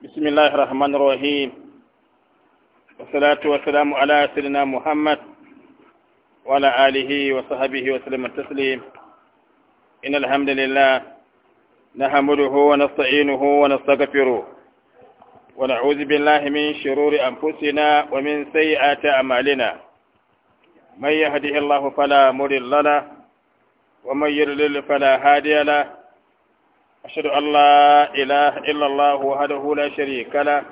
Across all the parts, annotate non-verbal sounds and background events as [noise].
بسم الله الرحمن الرحيم والصلاة والسلام على سيدنا محمد وعلى آله وصحبه وسلم التسليم إن الحمد لله نحمده ونستعينه ونستغفره ونعوذ بالله من شرور أنفسنا ومن سيئات أعمالنا من يهده الله فلا مضل له ومن يضلل فلا هادي له أشهد أن لا إله إلا الله وحده لا شريك له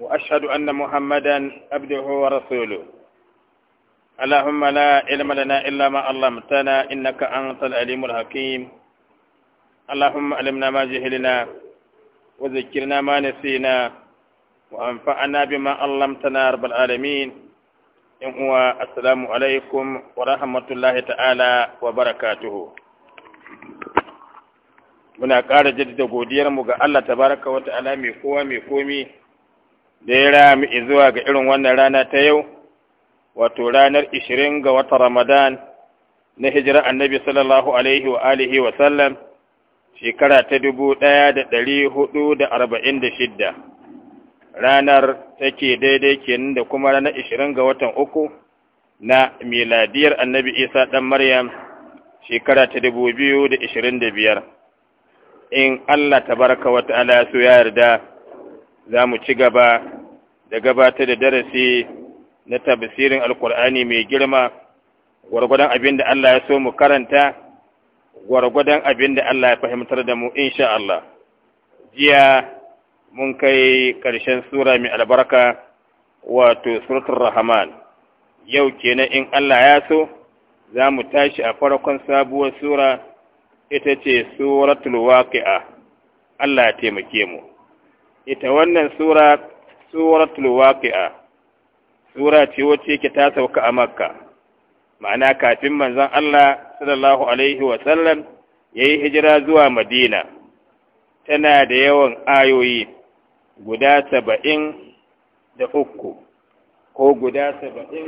وأشهد أن محمدا عبده ورسوله اللهم لا علم لنا إلا ما علمتنا إنك أنت العليم الحكيم اللهم علمنا ما جهلنا وذكرنا ما نسينا وأنفعنا بما علمتنا رب العالمين هو السلام عليكم ورحمة الله تعالى وبركاته muna ƙara jaddada godiyarmu ga Allah tabaraka wa ta'ala mai kowa mai komi da ya mu zuwa ga irin wannan rana ta yau wato ranar 20 ga watan Ramadan na hijira annabi sallallahu alaihi wa alihi wa sallam shekara ta 1446 ranar take daidai kenan da kuma ranar 20 ga watan uku na miladiyar annabi Isa dan Maryam shekara ta 2025 in Allah tabaraka wa ta'ala ya so ya yarda za mu ci gaba da gabata da darasi na tafsirin alkur'ani mai girma gwargwadon abin da Allah ya so mu karanta gwargwadon abin da Allah ya fahimtar da mu insha Allah jiya mun kai ƙarshen sura mai albarka wato suratul rahman yau kenan in Allah ya so za mu tashi a farkon sabuwar sura ita ce suratul waqi'a Allah ya taimake mu ita wannan sura suratul waqi'a sura ce wacce ke ta sauka a makka ma'ana kafin manzon Allah sallallahu alaihi wa sallam yayi hijira zuwa madina tana da yawan ayoyi guda saba'in da uku ko guda saba'in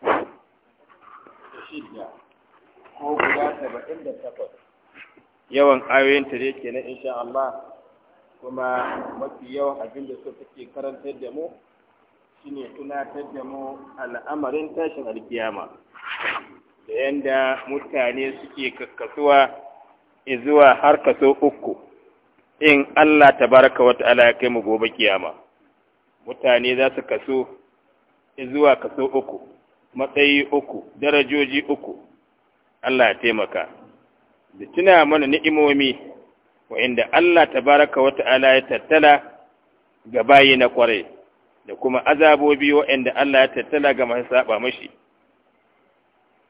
da shida ko guda saba'in da takwas yawan ayoyin ta dai kenan insha Allah kuma mafi yawan abin da suka take karantar da mu shine tunatar da mu al'amarin tashin alkiyama da yanda mutane suke kakkasuwa zuwa har kaso uku in Allah tabaraka wa ta'ala ya kai mu gobe kiyama mutane za su kaso zuwa kaso uku matsayi uku darajoji uku Allah ya taimaka da tuna mana ni'imomi wa'inda Allah tabaraka wa ta'ala ya tattala ga bayi na kwarai da kuma azabobi wa'inda Allah ya tattala ga masu saba mashi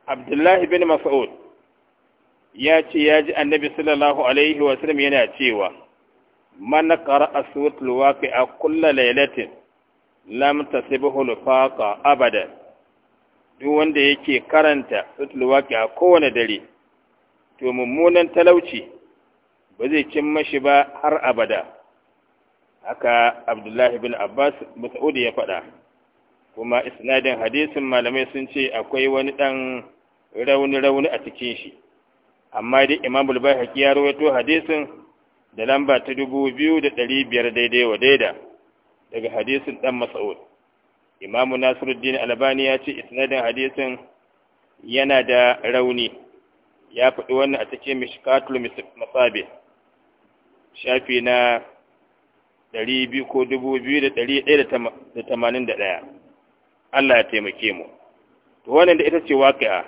Abdullahi bin Mas'ud ya ce ya ji Annabi sallallahu alaihi wa sallam yana cewa man qara'a suratul waqi'a kulla laylatin lam tasibahu lufaqa abada duk wanda yake karanta suratul a kowane dare to mummunan talauci ba zai cin mashi ba har abada haka abdullahi bin abbas mas'ud ya faɗa kuma isnadin hadisin malamai sun ce akwai wani ɗan rauni-rauni a cikin shi amma dai imam haƙi ya rawaito hadisin da lamba ta dubu biyu da ɗari biyar daidai wa daida daga hadisin ɗan mas'ud imamu nasiruddin albani ya ce isnadin hadisin yana da rauni ya faɗi wannan a cikin mishkatul masabi shafi na biyu ko dubu biyu da da ɗari tamanin ɗaya. Allah ya taimake mu to wannan da ita ce waqi'a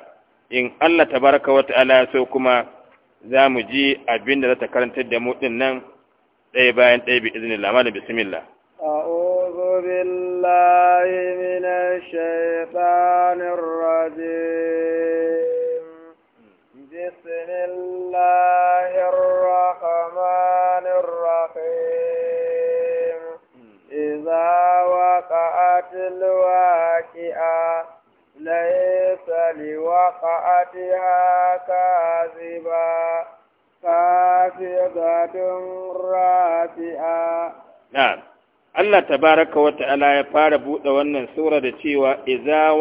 in Allah ta baraka wa ta'ala ya so kuma za mu ji abin da za ta karantar da mu din nan ɗaya bayan ɗaya bi iznillah malam bismillah a'udhu billahi من الشيطان الرجيم الله الرحمن الرحيم إذا وقعت الواقعة ليس لوقعتها كاذبا رافعة نعم Allah tabaraka wa ya fara buɗe wannan sura da cewa iza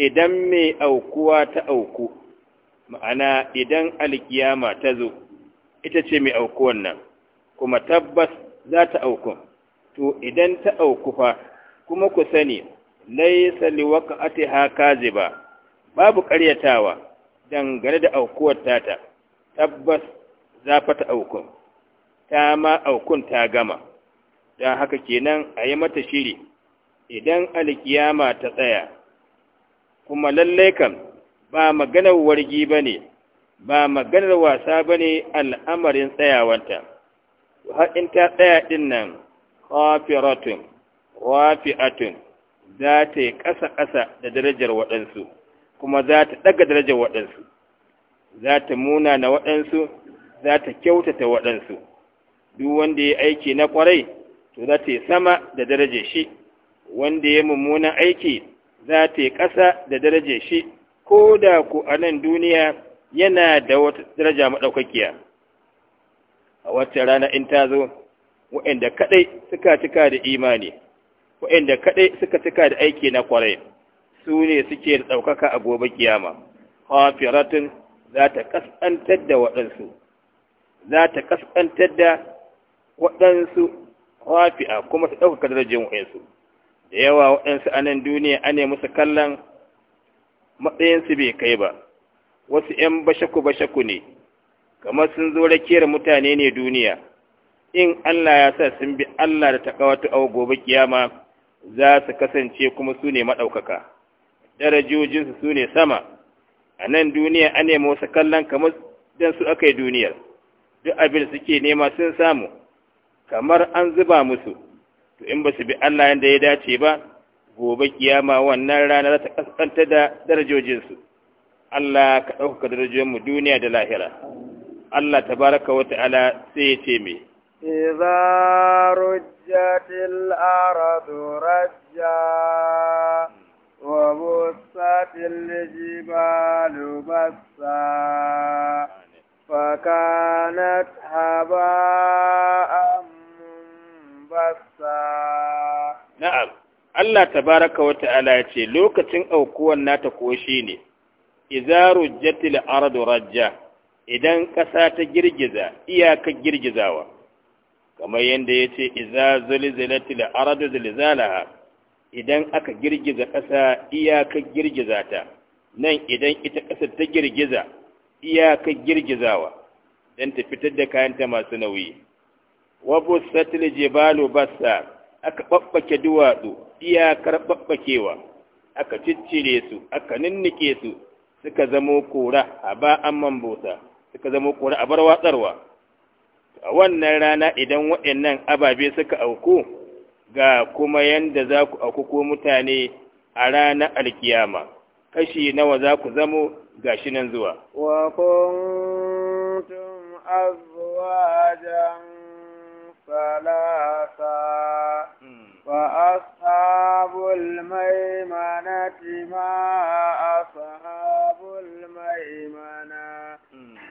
idan mai aukuwa ta auku ma'ana idan alkiyama ta zo ita ce mai aukuwan nan kuma tabbas za ta auku to idan ta auku fa kuma ku sani laisa liwaka ati hakazi ba babu karyatawa dangane da aukuwar tata tabbas za fa ta auku ta ma aukun ta gama don haka kenan a yi mata shiri idan alkiyama ta tsaya kuma lallai kam ba maganar wargi ba ne ba maganar wasa ba ne al'amarin tsayawanta haƙin ta tsaya ɗin nan ƙafiratun wafi'atun za ta yi ƙasa-ƙasa da darajar waɗansu kuma za ta ɗaga darajar waɗansu za ta muna na waɗansu za ta kyautata waɗansu duk wanda ya aiki na ƙwarai to za ta yi sama da darajar shi wanda ya mummunan aiki za ta yi ƙasa da darajar shi ko da ku a nan duniya yana da wata daraja maɗaukakiya a wata rana in ta zo waɗanda kaɗai suka cika da imani waɗanda kaɗai suka cika da aiki na kwarai su ne suke da ɗaukaka a gobe kiyama hafiratun za ta ƙasƙantar da waɗansu za ta ƙasƙantar da waɗansu hafi'a kuma su ɗaukaka darajin waɗansu da yawa waɗansu a nan duniya an ne musu kallon matsayinsu bai kai ba wasu ‘yan bashaku-bashaku ne kamar sun zo rakiyar mutane ne duniya in Allah ya sa sun bi Allah da takawatu a gobe kiyama za su kasance kuma su ne maɗaukaka darajojinsu su ne sama a nan duniya an nemi wasu kallon kamar don su aka yi duniyar duk abin suke nema sun samu kamar an zuba musu to in ba su bi Allah yadda ya dace ba gobe kiyama wannan rana za ta kaskanta da darajojinsu Allah ka ɗaukaka darajojinmu duniya da lahira Allah tabaraka wata ta'ala sai ya ce me إذا رجت الأرض رجا وبست الجبال بسا فكانت هباء منبسا نعم Allah tabaraka wa ta'ala ya ce lokacin aukuwan nata ko shi ne, Iza rujjatil ardu rajja, idan ƙasa ta girgiza, iyaka girgizawa, kamar yadda ya ce, Iza zulzilatil ardu zilzalaha, idan aka girgiza ƙasa iyaka girgiza ta, nan idan ita ƙasa ta girgiza, iyaka girgizawa, don ta fitar da kayanta masu nauyi. Wabu satil jibalu basar aka ɓaɓɓake duwatsu iyakar ɓaɓɓakewa aka ciccire su aka ninnike su suka zamo kora a ba'an mambosa suka zamo kora a bar watsarwa a wannan rana idan waɗannan ababe suka auku ga kuma yanda za ku auku ko mutane a ranar alkiyama kashi nawa za ku zamo ga shi nan zuwa azwajan salasa فأصحاب الميمنة ما أصحاب الميمنة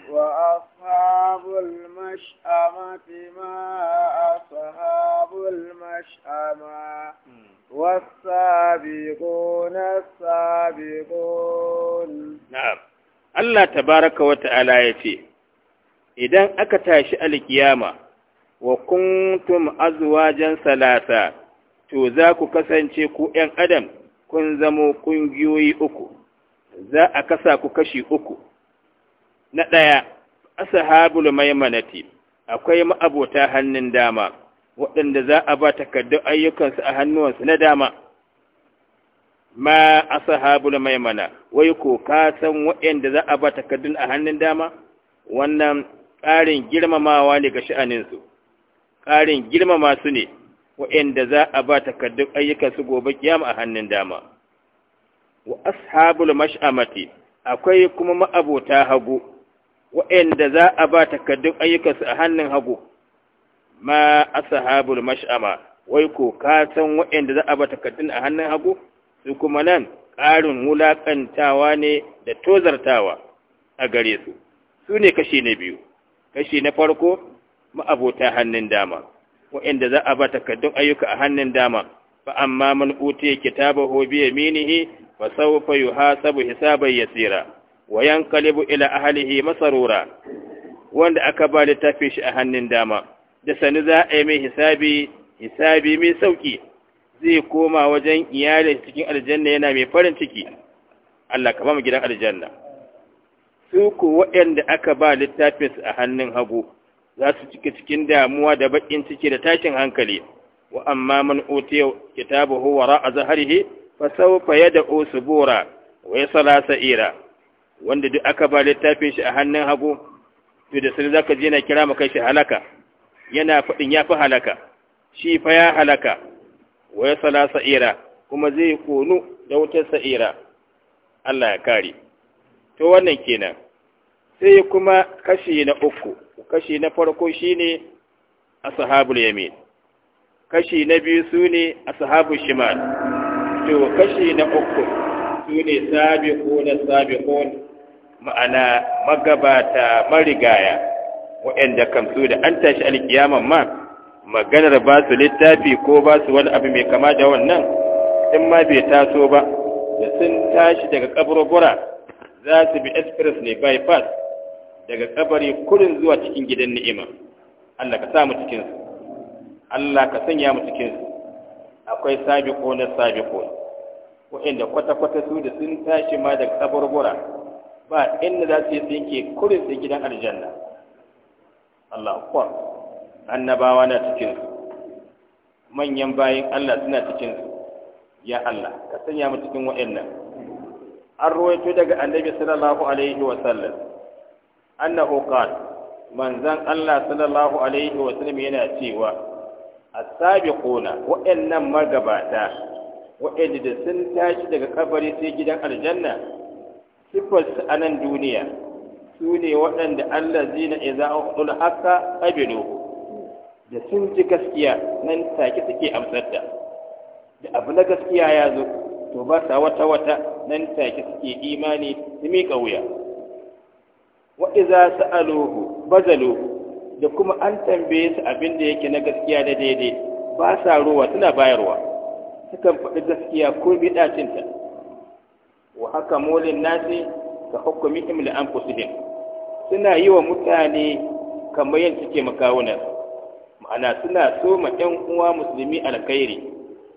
وأصحاب المشأمة ما أصحاب المشأمة والسابقون السابقون نعم Allah tabaraka wa ta'ala ya ce, Idan aka tashi alkiyama, wa kuntum azwajan salasa to za ku kasance ku ‘yan adam kun zamo ƙungiyoyi uku, za a kasa ku kashi uku. Na ɗaya, asahabul maimanati, akwai ma'abota hannun dama, waɗanda za a ba takardun ayyukansu a hannuwansu na dama. Ma asahabul maimana, wai ko ka san waɗanda za a ba takardun a hannun dama? Wannan ƙarin girmamawa ne ga sha'aninsu, ƙarin girmama su ne. wayanda za a ba takaddun ayyukan su gobe kiyama a hannun dama wa ashabul mash'amati akwai kuma ma'abota hagu wa'anda za a ba takaddun ayyukan su a hannun hagu ma ashabul mash'ama wai ko ka san wa'anda za a ba takaddun a hannun hagu su kuma nan ƙarin wulaƙantawa ne da tozartawa a gare su su ne kashe na biyu kashe na farko ma'abota hannun dama wa'inda za a ba takaddun ayyuka a hannun dama ba, amma man utiya kitabahu bi yaminihi fa sawfa yuhasabu hisaban yasira wa yanqalibu ila ahlihi masarura wanda aka ba littafin shi a hannun dama da sani za a yi mai hisabi hisabi mai sauki zai koma wajen iyalin cikin aljanna yana mai farin ciki Allah ka ba mu gidan aljanna su ko waɗanda aka ba littafinsu a hannun hagu za su cika cikin damuwa da baƙin ciki da takin hankali wa amma man uti kitabahu wara a zaharihi fa sawfa yad'u subura wa yasla sa'ira wanda duk aka ba littafin shi a hannun hagu to da sai zaka je na kira maka shi halaka yana fadin ya fi halaka shi fa ya halaka wa yasla sa'ira kuma zai konu da wutar sa'ira Allah ya kare to wannan kenan sai kuma kashi na uku kashi na farko shine ashabul yamin kashi na biyu sune ashabul shimal to kashi na uku sune sabiquna sabiqun ma'ana magabata marigaya waɗanda kamsu da an tashi alkiyaman ma maganar ba su littafi ko ba su wani abu mai kama da wannan in ma bai taso ba da sun tashi daga kaburbura za su bi express ne bypass daga kabari kurin zuwa cikin gidan ni'ima Allah ka sa mu cikin su Allah ka sanya mu cikin su akwai sabiqo na sabiqo wanda kwata kwata su da sun tashi ma daga kaburbura ba inda za su yi tsinke kurin su gidan aljanna Allah ku annabawa na cikin su manyan bayin Allah suna cikin su ya Allah ka sanya mu cikin wa'annan an ruwaito daga annabi sallallahu alaihi wa sallam annahu qala manzan Allah sallallahu alaihi wa sallam yana cewa as-sabiquna wa'annan magabata wa'anda da sun tashi daga kabari sai gidan aljanna sifar su a nan duniya su ne waɗanda Allah zina idza aqul haqa qabilu da sun ji gaskiya nan take suke amsar da da abu na gaskiya ya zo to ba sa wata wata nan take suke imani su miƙa wuya wa iza sa'aluhu bazalu da kuma an tambaye su abin da yake na gaskiya da daidai ba sa ruwa suna bayarwa sukan faɗi gaskiya ko bidacinta wa haka molin nasi ka hukumi imli an suna yi wa mutane kamar yin suke makawunar ma'ana suna so ma ɗan uwa musulmi alkhairi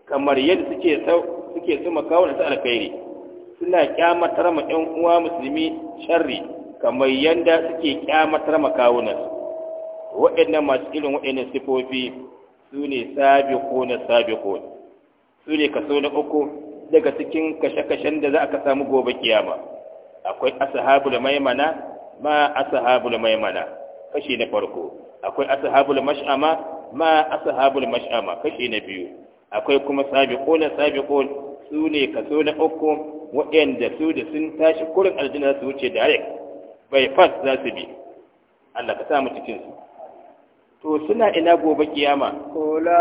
kamar yadda suke suke so makawunar su alkhairi suna kyamatar ma ɗan uwa musulmi sharri kamar yanda suke kyamatar makawunan waɗannan masu irin waɗannan sifofi su ne sabiqo na sabiqo su ne kaso na uku daga cikin kashe-kashen da za a ka samu gobe kiyama akwai ashabul maimana ma ashabul maimana kashi na farko akwai ashabul mash'ama ma ashabul mash'ama kashi na biyu akwai kuma sabiquna sabiqun su ne kaso na uku waɗanda su da sun tashi kurin aljanna su wuce direct bai fas za su bi Allah ka samu cikinsu. cikin su to suna ina gobe kiyama ulaikal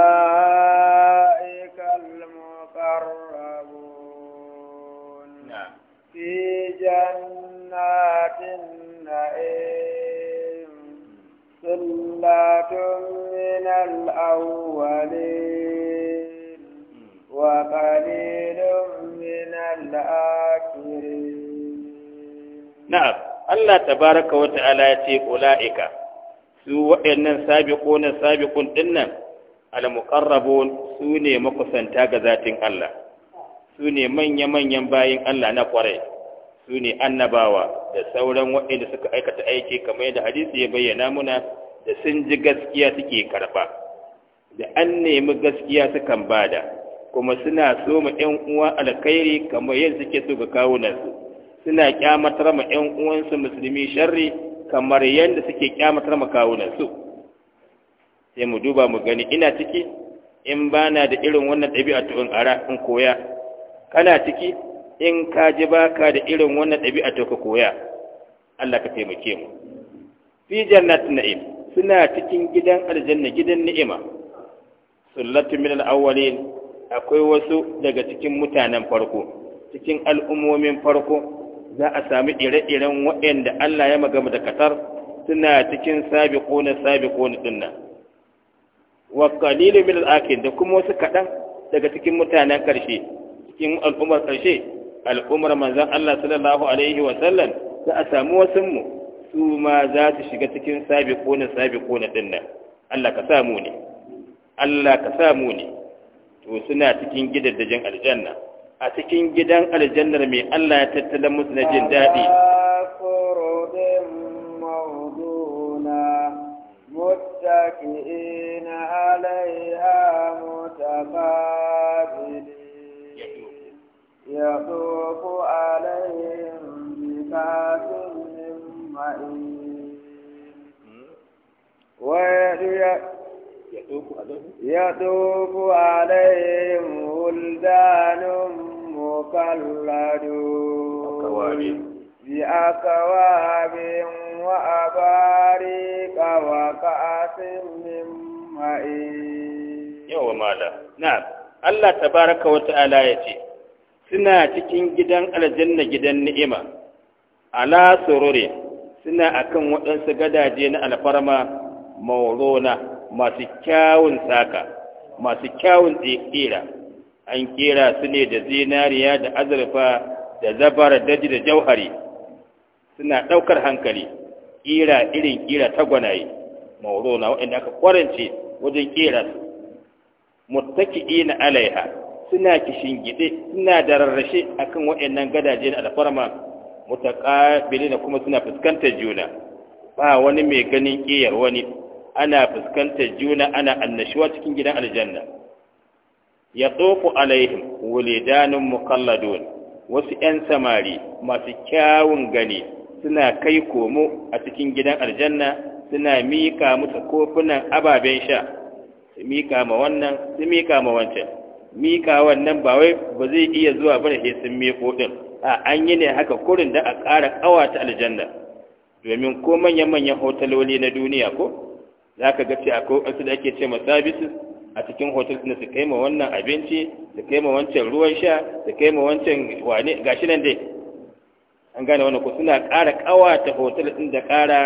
muqarrabun fi jannatin na'im sallatun min al-awwalin hmm. wa qalilun min al-akhirin na'am Allah tabaraka wa ta'ala ya ce ula'ika su waɗannan na sabiqun dinnan al-muqarrabun su ne makusanta ga zatin Allah su ne manya-manyan bayin Allah na kwarai su ne annabawa da sauran waɗanda suka aikata aiki kamar yadda hadisi ya bayyana muna da sun ji gaskiya suke karɓa da an nemi gaskiya sukan bada kuma suna so mu 'yan uwa alkhairi kamar yadda suke so ga kawunansu suna kyamatar ma ƴan uwansu musulmi sharri kamar yadda suke kyamatar ma kawunansu sai mu duba mu gani ina ciki in ba da irin wannan ɗabi'a to in ara in koya kana ciki in ka ji baka da irin wannan ɗabi'a to ka koya Allah ka taimake mu fi jannatin na'im suna cikin gidan aljanna gidan ni'ima sullatu min al-awwalin akwai wasu daga cikin mutanen farko cikin al'ummomin farko za a sami ire-iren waɗanda Allah ya magama da kasar suna cikin sabiquna sabiquna dinnan wa ƙalilu min al’akin da kuma wasu kaɗan daga cikin mutanen ƙarshe cikin al'ummar ƙarshe al'ummar manzan Allah sallallahu alaihi Wasallam, za a samu wasu mu su ma za su shiga cikin sabiquna sabiquna dinnan Allah ka samu ne Allah ka samu ne to suna cikin gidajen aljanna a cikin gidan aljannar mai Allah ya tattala musu na jin daɗi متكئين عليها متقابلين يطوف عليهم بكاس من معين يطوف عليهم ولدان مخلدون بأكواب وأباريك وكأس من معين يوم مالا نعم الله تبارك وتعالى يتي suna cikin gidan aljanna gidan ni'ima ala sururi suna akan waɗansu gadaje na alfarma maulona masu kyawun saka masu kyawun tsira an kera su ne da zinariya da azurfa da zabara daji da jauhari suna ɗaukar hankali kira irin kira ta gwanaye mauro na waɗanda aka kwarance wajen kera su ina alaiha suna kishin kishingide suna da rarrashe akan waɗannan gadaje da alfarma mutaqabilina kuma suna fuskantar juna ba wani mai ganin kiyar wani ana fuskantar juna ana annashuwa cikin gidan aljanna ya tsofu alaihim wulidanun mukalladun wasu 'yan samari masu kyawun gani suna kai komo a cikin gidan aljanna suna mika musu kofunan ababen sha su mika ma wannan su mika ma wancan mika wannan ba wai ba zai iya zuwa ba da sun miko din a an yi ne haka kurin da a ƙara ƙawata aljanna domin ko manya-manyan hotaloli na duniya ko za ka gace akwai wasu da ake ce ma services a cikin hotel suna su kai ma wannan abinci su kai ma wancan ruwan sha su kai ma wancan wane shi nan dai an gane wani ku suna ƙara ƙawata hotel ɗin da ƙara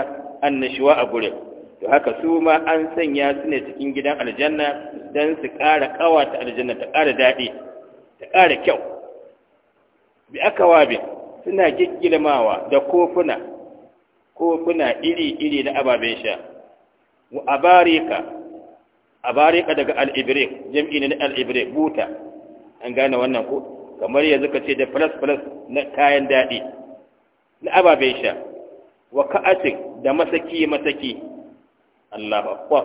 annashuwa a gurin to haka su ma an sanya su ne cikin gidan aljanna don su ƙara ƙawata aljanna ta ƙara daɗi ta ƙara kyau bi aka wabe suna giggilmawa da kofuna kofuna iri-iri na ababen sha wa abarika abarika daga al-ibrik jam'i ne na al-ibrik buta an gane wannan ko kamar yanzu ka ce da plus plus na kayan daɗi na ababen sha wa ka'atin da masaki masaki Allahu akbar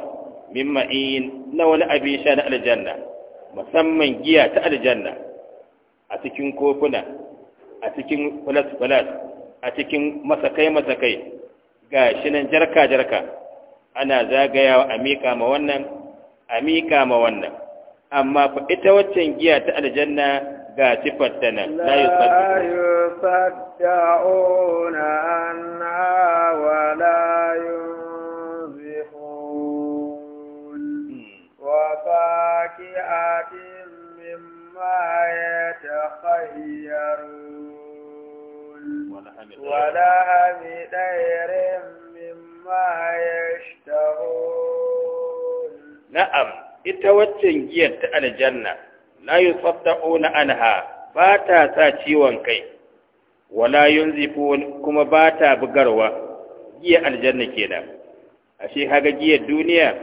min ma'in na wani abin sha na aljanna musamman giya ta aljanna a cikin kofuna a cikin plus plus a cikin masakai masakai ga shi nan jarka jarka ana zagayawa a miƙa ma wannan a miƙa ma wannan amma fa ita waccan giya ta aljanna ga sifar ta nan la yusaddauna anna wa la yunzihun wa faqiatin mimma yatakhayyarun wa la hamidairin Na'am, ita waccan giyar ta aljanna la yusadda'una anha ba ta sa ciwon kai wala yunzifun kuma ba ta bugarwa giyar aljanna kenan ashe haga giyar duniya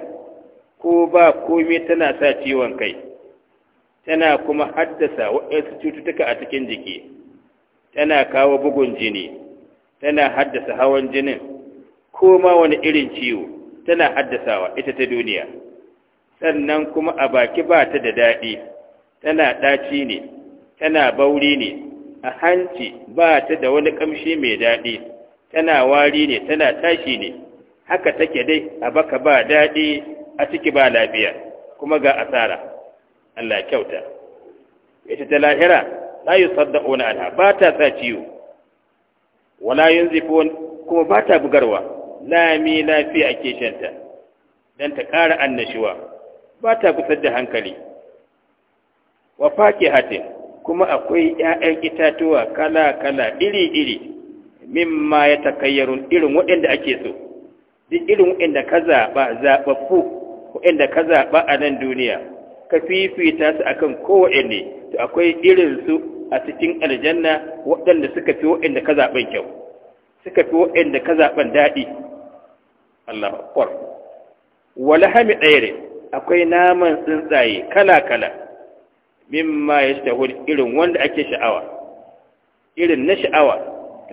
ko ba komai tana sa ciwon kai tana kuma haddasa waɗansu cututtuka a cikin jiki tana kawo bugun jini tana haddasa hawan jinin koma wani irin ciwo tana haddasawa ita ta duniya sannan kuma a baki ba ta da daɗi tana ɗaci ne tana bauri ne a hanci ba ta da wani ƙamshi mai daɗi tana wari ne tana tashi ne haka take dai a baka ba daɗi a ciki ba lafiya kuma ga asara Allah kyauta ita ta lahira la yusaddauna anha ba ta sa ciwo wala yunzifun kuma ba ta bugarwa lami lafiya ake shanta don ta ƙara annashuwa ba ta kusar da hankali wa fake hatin kuma akwai ‘ya'yan itatuwa kala-kala iri-iri mimma ya takayyarun irin waɗanda ake so duk irin waɗanda ka zaɓa zaɓaɓɓu waɗanda ka zaɓa a nan duniya ka fifita su akan kowaɗanne to akwai irinsu a cikin aljanna waɗanda suka fi waɗanda ka zaɓen kyau suka fi waɗanda ka zaɓen daɗi Allah akwar wala hami akwai naman tsuntsaye kala-kala mimma ya shahul irin wanda ake sha'awa irin na sha'awa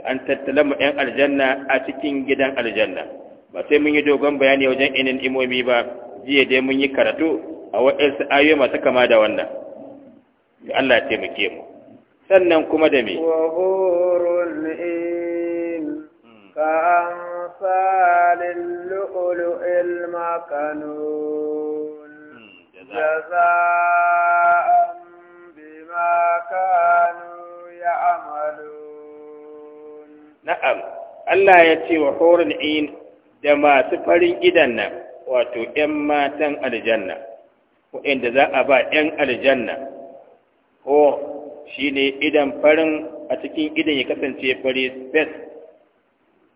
an tattala mu 'yan aljanna a cikin gidan aljanna ba sai mun yi dogon bayani wajen inin imomi ba jiya dai mun yi karatu a waɗansu ayoyi masu kama da wannan Allah ya taimake mu sannan kuma da me كأمثال اللؤلؤ المكنون جزاء بما كانوا يعملون نعم Allah ya ce wa horin in da masu farin gidan wato ‘yan matan aljanna, waɗanda za a ba ‘yan aljanna, ko shi ne idan farin a cikin idon ya kasance fari space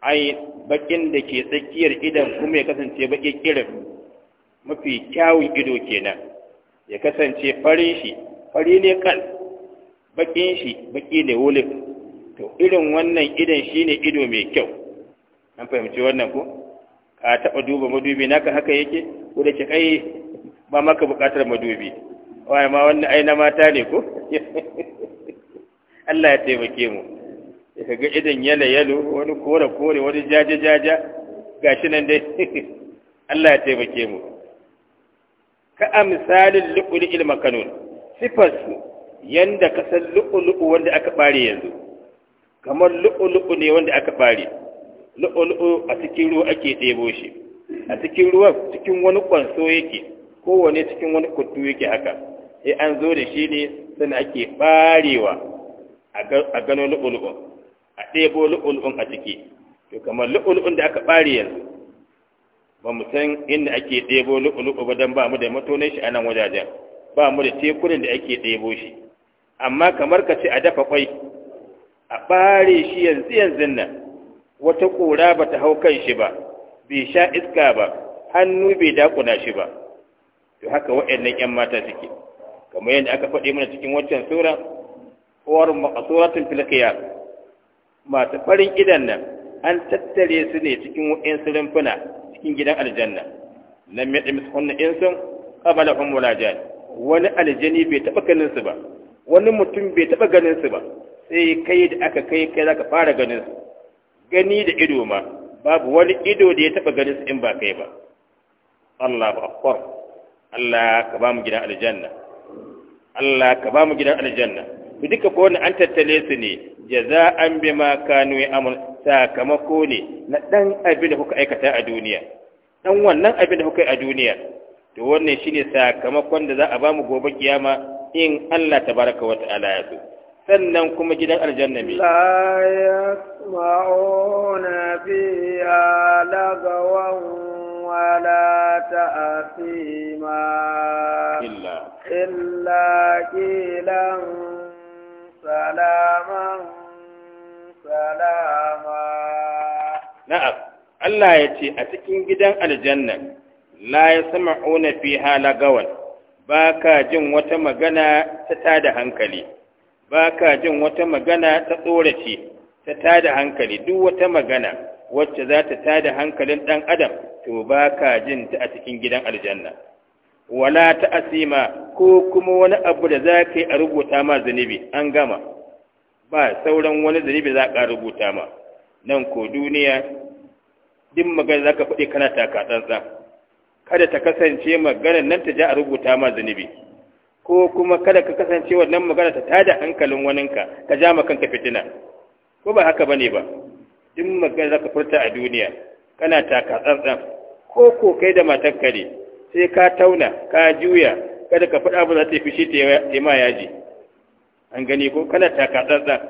ai bakin da ke tsakiyar idan kuma ya kasance baki kirin mafi kyawun ido kenan ya kasance fari shi fari ne kan bakin shi baki ne wulif to irin wannan idan shine ido mai kyau an fahimci wannan ko ka taba duba madubi naka haka yake ko da ke kai ba maka bukatar madubi wai ma wannan aina mata ne ko [laughs] Allah ya taimake mu ka ga idan yala yalo wani kore kore wani jaja jaja shi nan dai [laughs] Allah ya taimake mu ka a misalin lu'ulu ilma kanun sifas su yanda ka san lu'ulu wanda aka bare yanzu kamar lu'ulu ne wanda aka bare lu'ulu a cikin ruwa ake debo shi a cikin ruwan cikin wani kwanso yake kowane cikin wani kuttu yake haka sai an zo da shi ne sannan ake barewa a gano lu'ulu a ɗebo lu'ulu'un a ciki to kamar lu'ulu'un da aka ɓare yanzu ba mu san inda ake ɗebo lu'ulu'u ba don ba mu da matonin shi a nan wajajen ba mu da tekunan da ake ɗebo shi amma kamar ka ce a dafa kwai a ɓare shi yanzu yanzu nan wata ƙura ba ta hau kan shi ba bai sha iska ba hannu bai dakuna shi ba to haka wa'annan 'yan mata suke kamar yadda aka faɗi mana cikin waccan sura uwar maqsuratun fil masu farin idan nan an tattare su ne cikin wa'insu rumfuna cikin gidan aljanna lam yadda miskunna insun sun, hum wala jan wani aljani bai taɓa ganin su ba wani mutum bai taɓa ganin su ba sai kai da aka kai kai zaka fara ganin su gani da ido ma babu wani ido da ya taɓa ganin su in ba kai ba Allahu Allah ka ba mu gidan aljanna Allah ka ba mu gidan aljanna duka ko wani an tattale su ne jaza'an bima kanu amur sakamako ne na dan abin da kuka aikata a duniya dan wannan abin da kuka yi a duniya to wannan shine sakamakon da za a ba mu gobe kiyama in Allah ta baraka wa ta'ala ya so sannan kuma gidan aljanna mai la yasma'una fiha lagawan wala ta'asima illa illa salaman salama na'am Allah ya ce a cikin gidan aljanna la yasma'una fiha lagawan ba ka jin wata magana ta tada hankali ba ka jin wata magana ta tsorace ta tada hankali duk wata magana wacce za ta tada hankalin ɗan adam to ba ka jin ta a cikin gidan aljanna wala ta asima ko kuma wani abu da za ka yi a rubuta ma zunubi an gama ba sauran wani zunubi za ka rubuta ma nan ko duniya duk magana za ka faɗi kana taka tsantsan kada ta kasance magana nan ta ja a rubuta ma zunubi ko kuma kada ka kasance wannan magana ta tada hankalin waninka ka ja ma kanka fitina ko ba haka bane ba duk magana za ka furta a duniya kana taka tsantsan ko ko kai da matar kare sai ka tauna ka juya kada ka faɗa ba za ta fushi ta ma yaji an gani ko kana taka tsantsan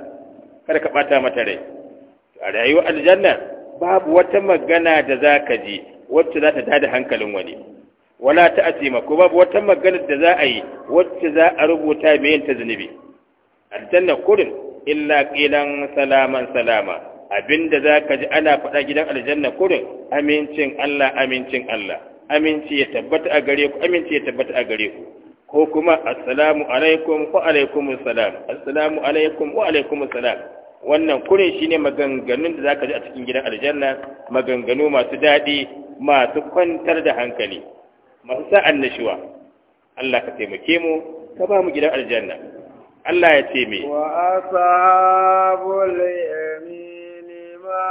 kada ka ɓata mata rai a rayuwa, aljanna babu wata magana da za ka ji wacce za ta tada hankalin wani wala ta asima ko babu wata magana da za a yi wacce za a rubuta mai yin ta zunubi aljanna kurin illa qilan salaman salama abinda za ka ji ana faɗa gidan aljanna kurin amincin Allah amincin Allah aminci ya tabbata a gare ku aminci ya tabbata a gare ku ko kuma assalamu alaikum wa alaikum salam assalamu alaikum wa alaikum salam wannan kurin shine maganganun da zaka ji a cikin gidan aljanna maganganu masu daɗi masu kwantar da hankali masu sa annashuwa Allah ka taimake mu ka ba mu gidan aljanna Allah ya ce me wa asabul yamin ma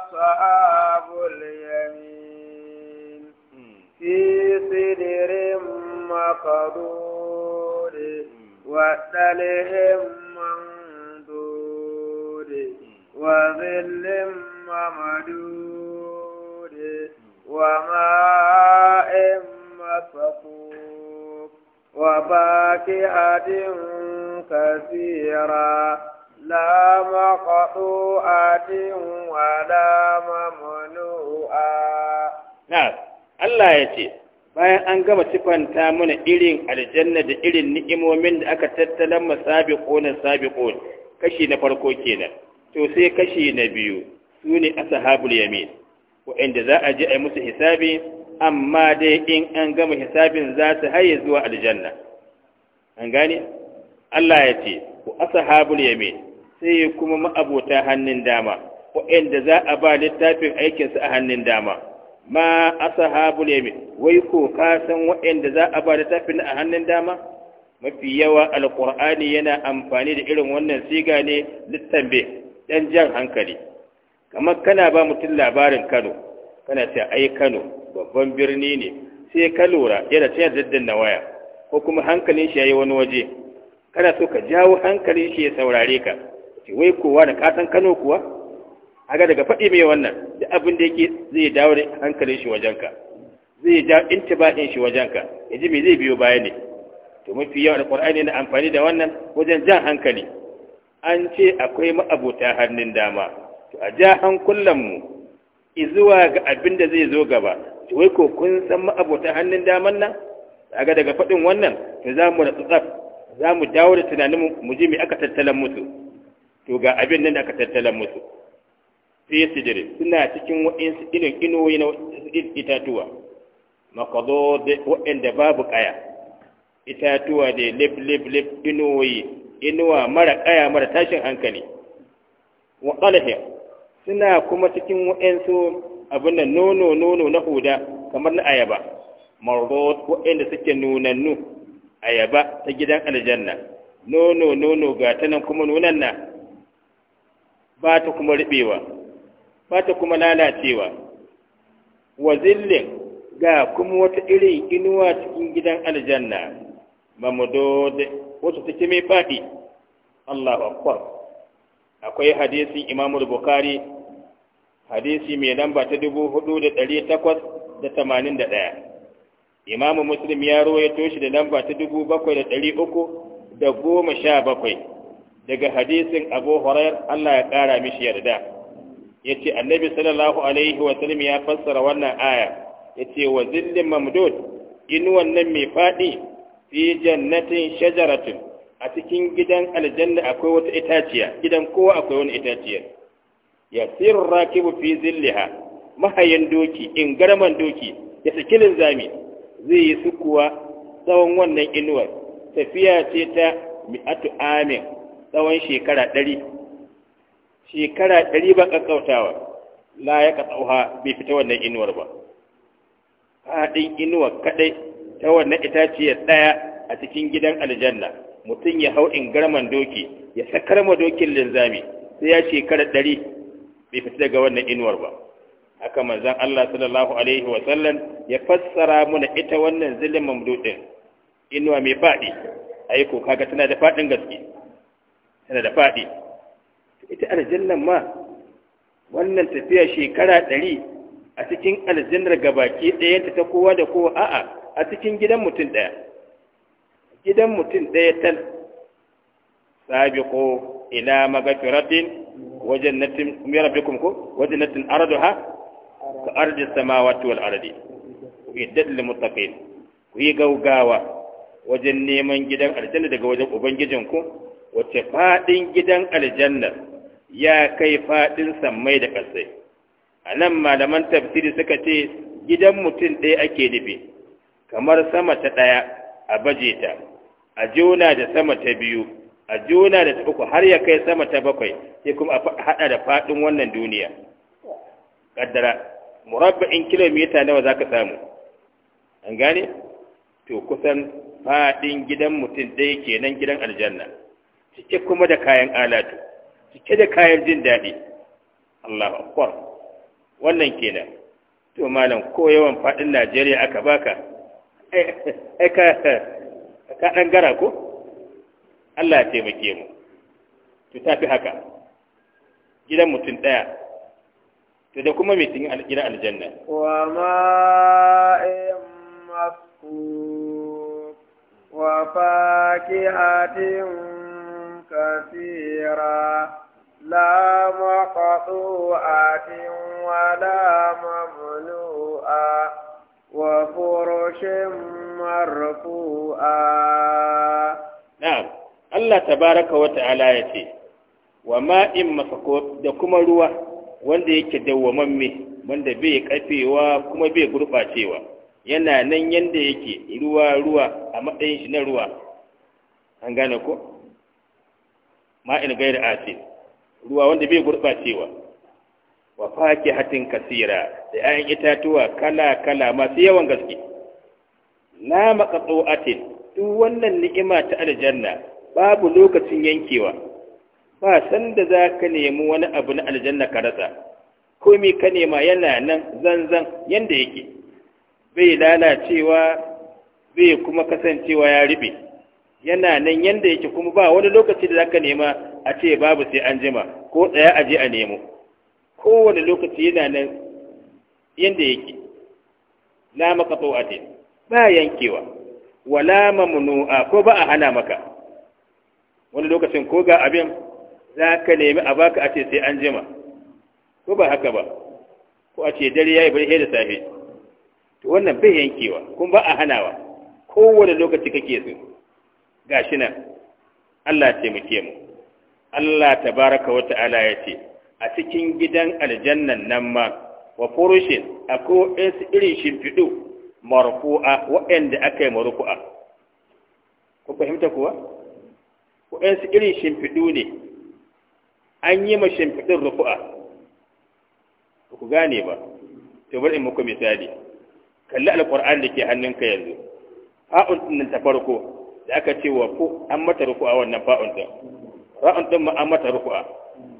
asabul yamin في سدر مقدور وطلح منضود وظل ممدود وماء مصفوف وفاكهة كثيرة لا مقطوعة ولا ممنوعة نعم Allah ya ce bayan an gama sifanta mana irin aljanna da irin ni'imomin da aka tattalan sabi sabiqun kashi na farko kenan to sai kashi na biyu sune ashabul yamin inda za a je a yi musu hisabi amma dai in an gama hisabin za su haye zuwa aljanna an gane Allah ya ce ku ashabul yamin sai kuma ma'abota hannun dama waɗanda za a ba littafin aikinsu a hannun dama ma ashabul yamin wai ko ka san waɗanda za a ba da tafin a hannun dama mafi yawa alqur'ani yana amfani da irin wannan siga ne littambe dan jan hankali kamar kana ba mutum labarin Kano kana ce ai Kano babban birni ne sai ka lura yana ta daddan na waya ko kuma hankalin shi yayi wani waje kana so ka jawo hankalin shi ya saurare ka ce wai kowa da kasan Kano kuwa haka daga faɗi mai wannan da abin da yake zai dawo da hankalin shi wajenka zai ja intibahin shi wajenka ya ji me zai biyo baya ne to mafi yawa da ƙwar'ani na amfani da wannan wajen jan hankali an ce akwai ma'abota hannun dama to a ja hankulanmu izuwa ga abin da zai zo gaba to wai ko kun san ma'abota hannun daman nan haka daga faɗin wannan to za mu natsu tsaf za mu dawo da tunaninmu mu ji me aka tattalan musu to ga abin nan da aka tattalan musu fi sidirin suna cikin waɗansu irin inuwoyi na itatuwa makwazo waɗanda babu kaya itatuwa da lif lif lif inuwoyi inuwa mara kaya mara tashin hankali wa ƙalahin suna kuma cikin waɗansu abin da nono nono na huda kamar na ayaba marzot waɗanda suke nunannu ayaba ta gidan aljanna nono nono ga ta nan kuma nunanna ba ta kuma riɓewa ba ta kuma lalacewa wa zillin ga kuma wata irin inuwa cikin gidan aljanna mamudod wata take mai faɗi Allahu akbar akwai hadisin Imam Bukhari hadisi mai lamba ta 4881 Imam Muslim ya rawaito shi da lamba ta da bakwai. daga hadisin Abu Hurairah Allah ya kara mishi yarda yace annabi sallallahu alaihi wa sallam ya fassara wannan aya yace wa zillin mamdud inuwan nan mai fadi fi jannatin shajaratin a cikin gidan aljanna akwai wata itaciya gidan kowa akwai wani itaciya ya sirr rakibu fi zilliha mahayin doki in garman doki ya sakilin zami zai yi sukuwa tsawon wannan inuwar tafiya ce ta mi'atu amin tsawon shekara ɗari shekara ɗari ba ƙaƙƙautawa la ya ƙasauha bai fita wannan inuwar ba faɗin inuwa kaɗai ta wannan itaciyar ɗaya a cikin gidan aljanna mutum ya hau in garman doki ya sakar ma dokin linzami sai ya shekara ɗari bai fita daga wannan inuwar ba haka manzan Allah sallallahu alaihi wa sallam ya fassara mana ita wannan zilin mamdudin inuwa mai faɗi aiko kaga tana da faɗin gaske tana da faɗi ita aljannan ma wannan tafiya shekara ɗari a cikin aljannar gabaki ɗayanta ta kowa da kowa a'a a cikin gidan mutum ɗaya gidan mutum ɗaya tal ko ila magfiratin wa jannatin rabbikum ko wa jannatin ha? ka ardi samawati wal ardi iddat lil muttaqin ku yi gaugawa wajen neman gidan aljanna daga wajen ubangijinku wace faɗin gidan aljanna ya kai faɗin sammai da ƙasai a nan malaman tafsiri suka ce gidan mutum ɗaya ake nufi kamar sama ta ɗaya a baje ta a juna da sama ta biyu a juna da ta uku har ya kai sama ta bakwai sai kuma a haɗa da faɗin wannan duniya ƙaddara murabba'in kilomita nawa za ka samu an gane to kusan faɗin gidan mutum ɗaya kenan gidan aljanna cike kuma da kayan alatu cike da kayan jin daɗi Allah akbar wannan kenan to malam ko yawan faɗin Najeriya aka baka ai ka ka dan gara ko Allah ya taimake mu to tafi haka gidan mutum daya to da kuma mitin gidan aljanna wa ma masku wa fakihatin كثيرا لا مقطوعة ولا مملوءة وفرش مرفوءة نعم الله تبارك وتعالى يتي وما إن مفقود دكما روى wanda yake dawwamamme wanda bai kafewa kuma bai gurbacewa yana nan yanda yake ruwa ruwa a matsayin shi na ruwa an gane ko ma'in gairu asin ruwa wanda bai gurɓacewa wa fake hatin kasira da 'ya'yan itatuwa kala-kala masu yawan gaske na makatso atin duk wannan ni'ima ta aljanna babu lokacin yankewa ba san da za ka nemi wani abu na aljanna ka rasa komi ka nema yana nan zanzan yanda yake bai lalacewa bai kuma kasancewa ya ribe. yana nan yanda yake kuma ba wani lokaci da zaka nema a ce babu sai an jima ko daya aje a nemo kowane lokaci yana nan yanda yake la maka tsawatin ba yankewa wala mamnu'a ko ba a hana maka wani lokacin ko ga abin za ka nemi a baka a ce sai an jima ko ba haka ba ko a ce dare ya yi da safe to wannan bai yankewa kuma ba a hanawa kowane lokaci kake so shi nan Allah taimake mu Allah tabaraka wa ta'ala ya ce a cikin gidan aljannan nan ma wa furushin akwai su irin shimfiɗu marfu'a waɗanda aka yi marfu'a ku fahimta kuwa su irin shimfiɗu ne an yi ma shimfiɗin rufu'a ku gane ba to bari in muku misali kalli alƙur'an da ke hannunka yanzu ha'un nan ta farko da aka ce wa ko an mata ruku'a wannan fa'un din fa'un din ma an mata ruku'a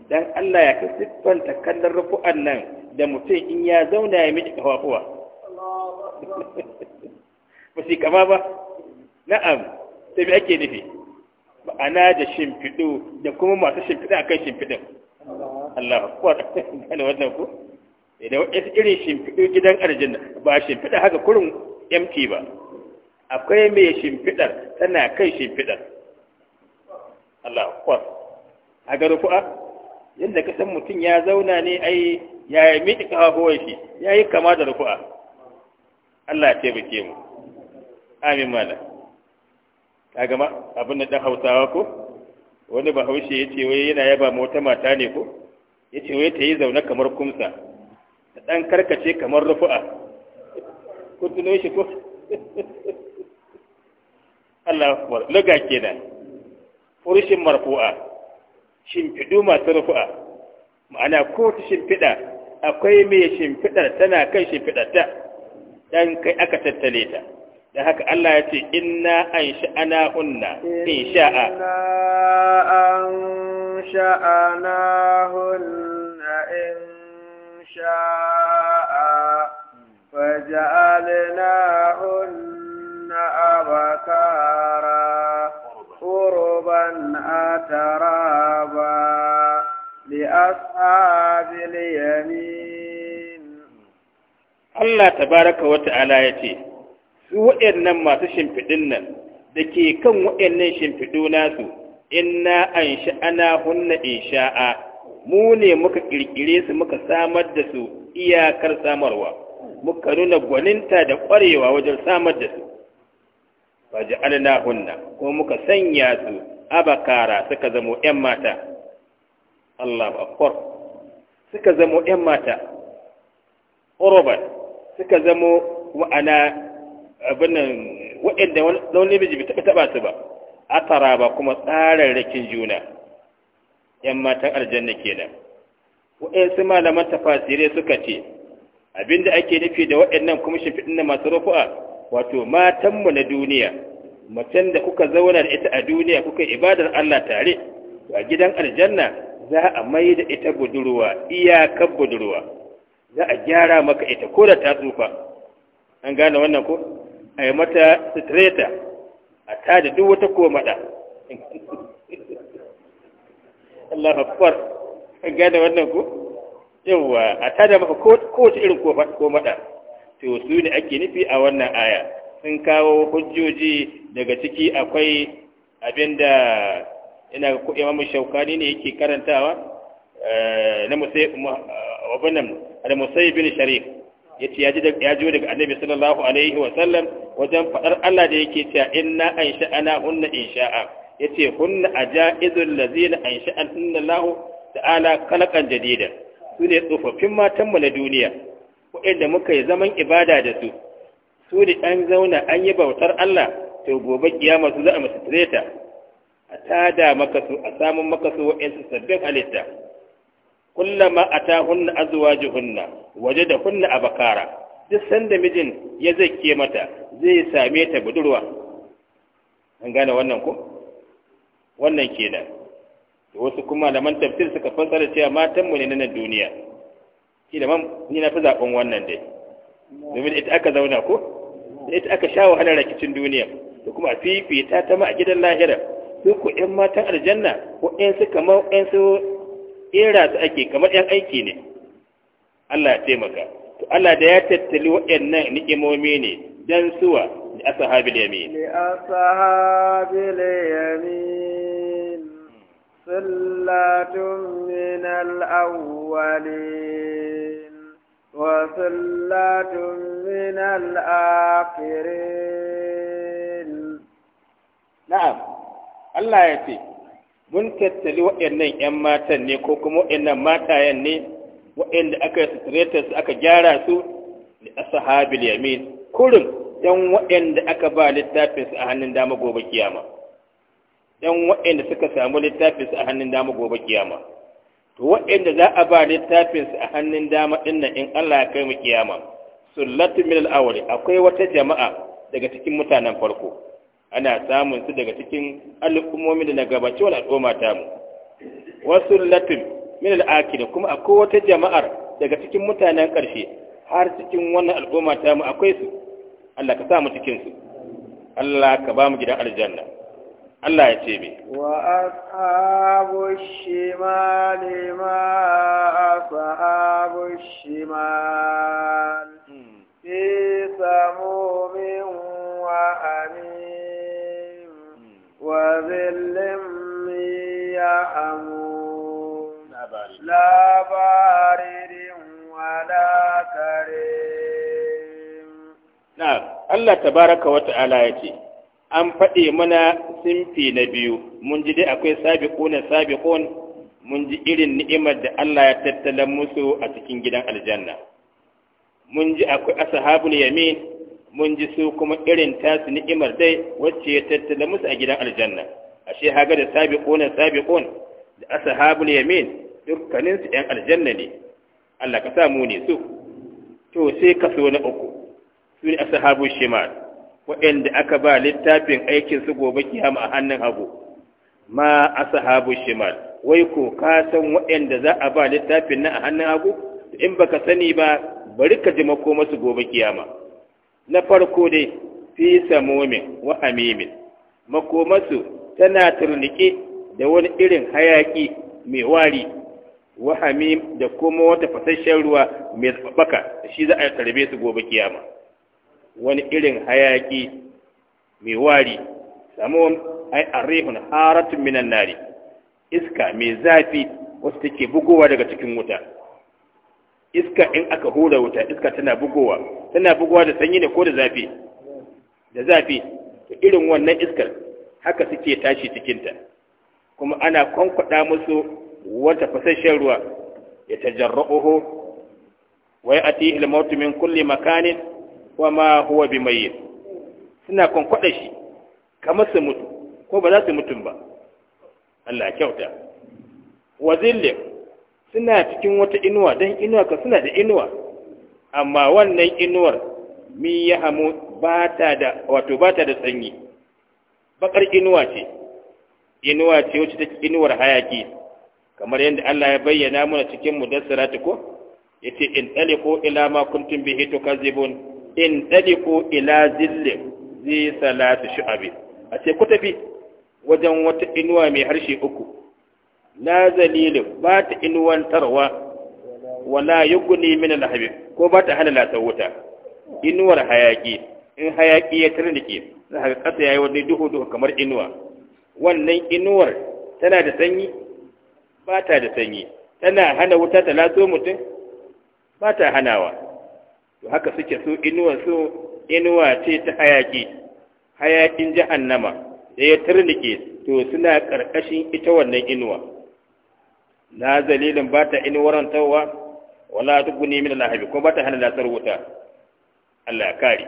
dan Allah ya siffanta kallon ruku'an nan da mutum in ya zauna ya miƙe kafafuwa [laughs] ba su kama ba na'am sai me ake nufi ma'ana da shimfiɗo da kuma masu shimfiɗa akan shimfiɗin Allah kuwa [laughs] gane wannan ku idan irin shimfiɗo gidan aljanna ba shimfiɗa haka kurin mt ba akwai mai shimfiɗar tana kai shimfiɗar Allah kwas a ga ruku'a yadda kasan mutum ya zauna ne ai ya yi miƙi ƙafafuwan shi ya yi kama da ruku'a Allah ce taimake mu amin mana ka gama abin da ɗan hausawa ko wani bahaushe ya ce wai yana yaba mota wata mata ne ko ya ce wai ta yi zaune kamar kumsa Da ɗan karkace kamar rufu'a kun tuno shi ko [laughs] Allah akbar laga kenan furushin marfu'a shimfiɗu masu rufu'a ma'ana ko ta shimfiɗa akwai mai shimfiɗar tana kan ta. dan kai aka tattale ta da haka Allah ya ce inna an sha'ana hunna in sha'a an sha'ana hunna in sha'a فجعلناهن أبكارا قربا أترابا لأصحاب اليمين الله تبارك وتعالى يتي وإنما ما تشمفدنا دكي كم وإنن شمفدوناسو إنا أنشأناهن إنشاءً mu ne muka kirkire su muka samar da su iyakar samarwa muka nuna gwaninta da ƙwarewa wajen samar da su faj'alna hunna ko muka sanya su abakara suka zamo ƴan mata Allahu akbar suka zamo ƴan mata urban suka zamo ma'ana abin nan waɗanda wani miji bai taɓa taɓa su ba tara ba kuma tsararrakin juna ‘yan matan aljanna kenan waɗansu malaman tafasirai suka ce abinda ake nufi da waɗannan kuma shafiɗin na masu rufu'a wato matanmu na duniya macen da kuka zauna da ita a duniya kuka ibadar Allah tare a gidan aljanna za a mai da ita budurwa iyakar budurwa za a gyara maka ita ko da ta tsufa an gane wannan ko a yi mata straighter a ta da duk wata mada [laughs] Allah haifar an gane wannan ko yawwa a ta da maka kowace irin mada to su ne ake nufi a wannan aya sun kawo hujjoji daga ciki akwai abinda ina ga imam shaukani ne yake karantawa eh, na musayi eh, bin sharif ya ce ya ji daga annabi sallallahu alaihi wasallam wajen faɗar allah da yake cewa inna an sha'ana hunna in sha'a ya ce hunna a ja'izun lazina an sha'an hunna lahu ta'ala kalakan jadida su ne tsofaffin matanmu na duniya waɗanda muka yi zaman ibada da su su da an zauna an yi bautar Allah to gobe kiyama su za a musu tireta a tada maka su a samun maka su waɗansu sabbin halitta kullama da hunna a bakara. duk sanda mijin ya zai ke mata zai same ta budurwa an gane wannan ko wannan kenan wasu kuma malaman tafsir suka fassara cewa matan mu ne na duniya shi da man ni na fi zaɓen wannan dai domin ita aka zauna ko da ita aka sha wahalar rikicin duniya da kuma fifita ta ma a gidan lahira su ku ƴan matan aljanna su kamar su ƙera su ake kamar ƴan aiki ne Allah ya taimaka to Allah da ya tattali waɗannan ni'imomi ne dan suwa da ashabil yamin li ashabil yamin وسلة من الأولين وسلة من الآخرين نعم الله يتي mun tattali waɗannan 'yan matan ne ko kuma waɗannan matayen ne waɗanda aka sutureta su aka gyara su da ashabil yamin kurin don waɗanda aka ba littafinsu a hannun dama gobe kiyama ɗan waɗanda suka samu littafinsu a hannun dama gobe kiyama to waɗanda za a ba littafinsu a hannun dama ɗin nan in Allah ya kai mu kiyama sullatu min al akwai wata jama'a daga cikin mutanen farko ana samun su daga cikin al'ummomin da na gabace wal al'umma ta mu wasu latin min al'akiri kuma akwai wata jama'ar daga cikin mutanen ƙarshe har cikin wannan al'umma ta mu akwai su Allah ka sa mu cikin su Allah ka ba mu gidan aljanna Allah ya ce me wa ashabu shimali ma ashabu shimal fi samumin wa amin wa zillin ya'amun la baridin wala karim na Allah tabaraka wa ta'ala ya ce an faɗe mana simfi na biyu mun ji dai akwai na sabiqun mun ji irin ni'imar da Allah ya tattala musu a cikin gidan aljanna mun ji akwai ashabul yamin mun ji su kuma irin tasu ni'imar dai wacce ya tattala musu a gidan aljanna ashe haga da na sabiqun da ashabul yamin dukkanin su ɗan aljanna ne Allah ka sa mu ne su to sai so na uku su ne ashabul shimal waɗanda aka ba littafin aikinsu gobe kiyama a hannun hagu ma sahabu shimal wai ko ka san waɗanda za a ba littafin nan a hannun hagu in baka sani ba bari ka ji mako masu gobe kiyama na farko dai fi samomin wa amimin makomasu tana turnike da wani irin hayaki mai wari wa hamim da kuma wata fasasshen ruwa mai tsabbaka shi za a karbe su gobe kiyama wani irin hayaki mai wari samu ai arrihun haratun minan nari iska mai zafi wasu take bugowa daga cikin wuta iska in aka hura wuta iska tana bugowa tana bugowa da sanyi ne ko da zafi da zafi to irin wannan iskar haka suke tashi cikinta kuma ana kwankwada musu wata fasashen ruwa ya tajarra'uhu wa ya'tihi al-mautu min kulli makanin wa ma huwa bi mayyit suna kwankwada shi kamar su mutu ko ba za su mutum ba Allah kyauta wa suna cikin wata inuwa dan inuwa ka suna da inuwa amma wannan inuwar mi ya hamu ba ta da wato ba ta da sanyi bakar inuwa ce inuwa ce wacce take inuwar hayaki kamar yadda Allah ya bayyana mana cikin mudassirati ko yace in taliqu ila ma kuntum bihi tukazibun in ko ila zillin zai salatu shu'abi a ce ku tafi wajen wata inuwa mai harshe uku la zalilin ba ta inuwan tarwa? wala yuguni min alhabi ko ba ta hana latar wuta inuwar hayaki in hayaki ya tarnike za ka kasa yayi wani duhu duhu kamar inuwa wannan inuwar tana da sanyi ba ta da sanyi tana hana wuta ta laso mutum ba ta hanawa to haka suke so, inuwa so inuwa ce ta hayaki hayakin jahannama da ya turnike to suna karkashin ita wannan inuwa Na zalilin ba ta inuwaran tawwa wala tuguni min lahabi ko ba ta hana lasar wuta Allah ya kare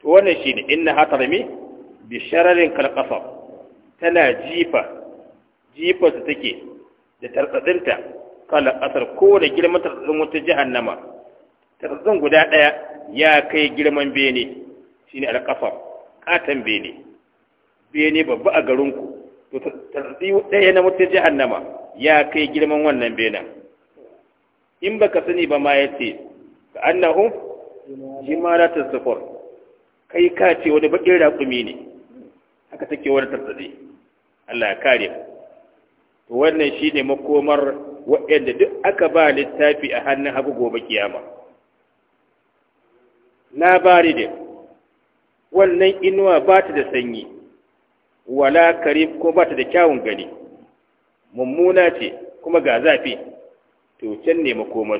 to wannan shine inna hatarmi bi shararin kalqasa tana jifa jifa su take da tartsadinta kala asar kowane girman tarzan wata jahannama tarzan guda ɗaya ya kai girman bene shine alƙasar Ƙaton bene bene babba a garinku to tarzi ɗaya na wata jahannama ya kai girman wannan benen in baka sani ba ma ya ce ka annahu jimara ta sufur kai ka ce wani bakin raƙumi ne haka take wani tarzaɗe Allah ya kare to wannan shine makomar waɗanda duk aka ba littafi a hannun hagu gobe kiyama na bari da wannan inuwa ba ta da sanyi wala karib ko ba ta da kyawun gani mummuna ce kuma ga zafi to can ne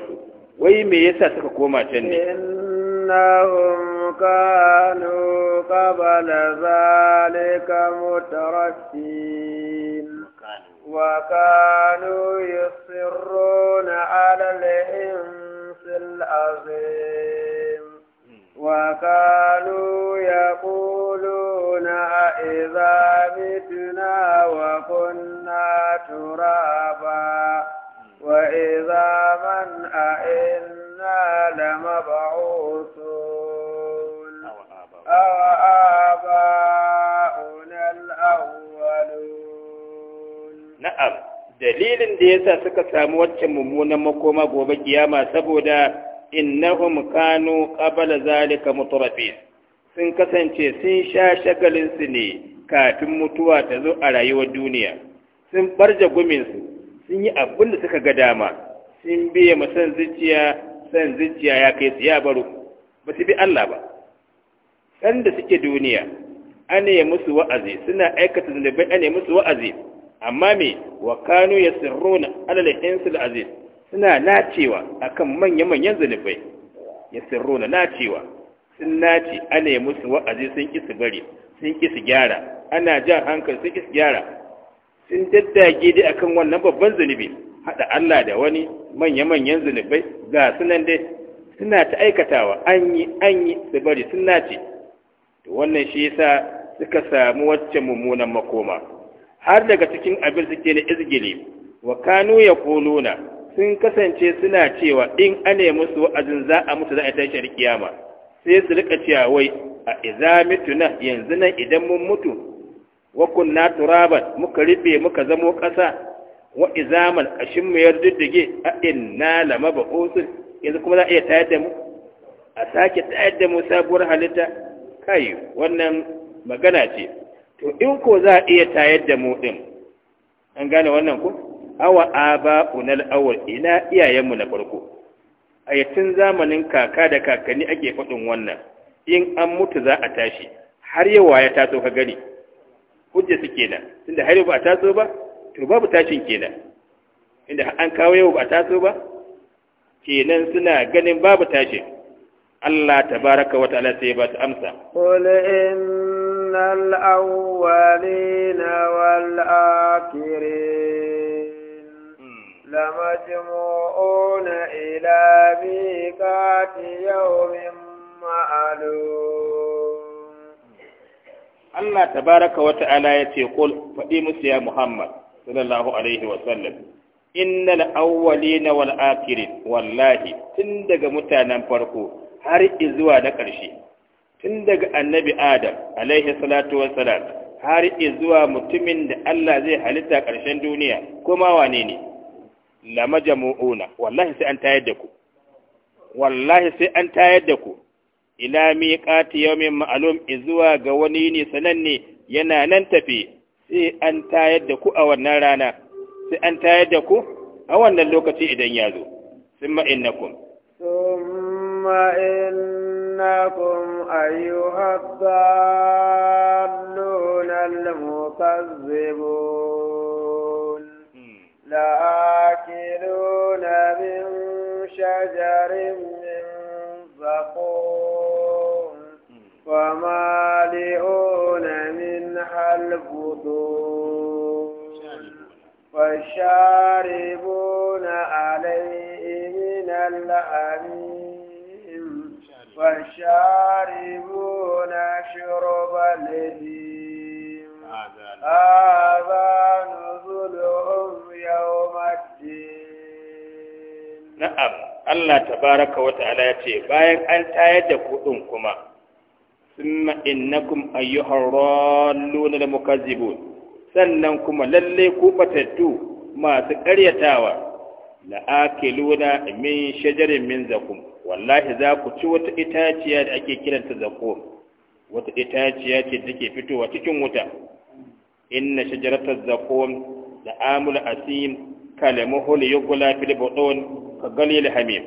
su? wai me yasa suka koma can ne innahum kanu qabala zalika mutarassin وكانوا يصرون على الإنس العظيم وكانوا يقولون إذا متنا وكنا ترابا وإذا من أئنا لمبعوثون أو آباؤنا na'am dalilin da yasa suka samu waccan mummunan makoma gobe kiyama saboda innahum kanu qabla zalika mutrafin sun kasance sun sha shagalin su ne kafin mutuwa ta zo a rayuwar duniya sun barja gumin su sun yi abin da suka ga dama sun biye ma san zuciya san zuciya ya kai su ya baro ba su bi Allah ba san da suke duniya ane musu wa'azi suna aikata zunubai ane musu wa'azi amma me wa kanu yasirruna alal insil aziz suna nacewa akan manya-manyan zunubai yasirruna nacewa sun nace ana yi musu wa'azi sun ƙi su bari sun ƙi su gyara ana jan hankali sun ƙi su gyara sun daddage dai akan wannan babban zunubi hada Allah da wani manya-manyan zunubai ga sunan dai suna ta aikatawa an yi an yi su bari sun nace wannan shi yasa suka samu wacce mummunan makoma har daga cikin abin suke na izgili wa kanu ya kuluna sun kasance suna cewa in ane musu wa'azin za a mutu za a tashi da kiyama sai su rika cewa wai a iza mituna yanzu nan idan mun mutu wa kunna turaban muka ribe muka zamo ƙasa wa izaman kashin mu yardige a inna lama ba'usul yanzu kuma za a iya tayar da mu a sake tayar da mu sabuwar halitta kai wannan magana ce to in ko za a iya tayar da mu ɗin an gane wannan ku awa aba unal awal ina iyayenmu na farko a yatin zamanin kaka da kakanni ake faɗin wannan in an mutu za a tashi har yawa ya taso ka gani hujja su kenan tunda har yau ba a taso ba to babu tashin kenan inda an kawo yau ba a taso ba kenan suna ganin babu tashin Allah tabaraka wa ta'ala sai ba ta amsa qul من الأولين والآخرين لمجموعون إلى ميقات يوم معلوم Allah ta baraka ta'ala ya ce kul faɗi musu ya Muhammad sallallahu alaihi wa sallam innal awwalina wal akhirin wallahi tun daga mutanen farko har zuwa na ƙarshe tun daga annabi adam alaihi salatu wassalam har zuwa mutumin da Allah zai halitta ƙarshen duniya kuma wane ne lama jamu'una wallahi sai an tayar da ku wallahi sai an tayar da ku ila miqati yawmin ma'lum zuwa ga wani ne sananne yana nan tafi sai an tayar da ku a wannan rana sai an tayar da ku a wannan lokaci idan ya zo summa innakum summa in إنكم أيها الضالون المكذبون لآكلون من شجر من زقوم ومالئون منها البطون والشاربون عليه من الأمين فشاربون شرب الهيم هذا نزلهم يوم الدين نعم الله تبارك وتعالى يتي bayan an tayar da kuɗin kuma summa innakum ayyuhar ralluna da mukazzibun sannan kuma lallai ku fatattu masu ƙaryatawa la'akiluna min shajarin min zakum wallahi za ku ci wata itaciya da ake kiranta zakur wata itaciya ce take fitowa cikin wuta inna shajaratar zakur da amul asim hul yugula fil budun ka galil hamim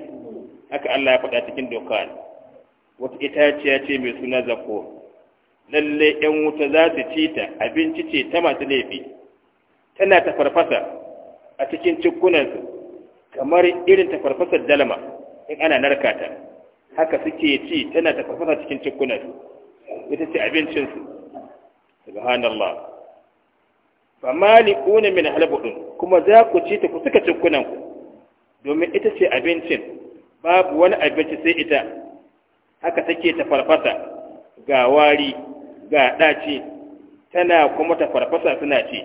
haka Allah ya faɗa cikin doka wata itaciya ce mai suna zakur lalle yan wuta za su ci ta abinci ce ta masu laifi tana ta farfasa a cikin cikunansu kamar irin ta farfasar dalma in ana narka ta haka suke ci tana tafafasa cikin cikunan ita ce abincinsu subhanallah fa malikuna min halbudun kuma za ku ci ta ku suka cikunan ku domin ita ce abincin babu wani abinci sai ita haka take ta farfasa ga wari ga ɗaci tana kuma ta farfasa suna ci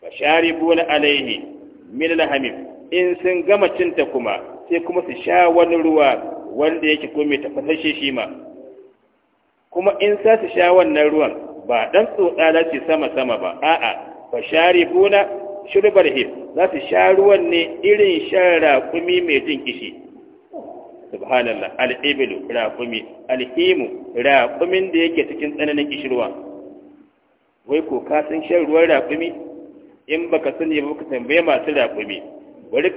fa sharibuna alaihi min alhamim in sun gama cinta kuma sai kuma su sha wani ruwa wanda yake ko tafasashe shi ma kuma in sa su sha wannan ruwan ba ɗan tsotsa za su sama sama ba a'a fa sharibuna shirbar hif za su sha ruwan ne irin shan raƙumi mai jin kishi subhanallah al'ibilu raƙumi alhimu raƙumin da yake cikin tsananin kishirwa wai ko ka san shan ruwan raƙumi in baka sani ba ka tambaye masu raƙumi bari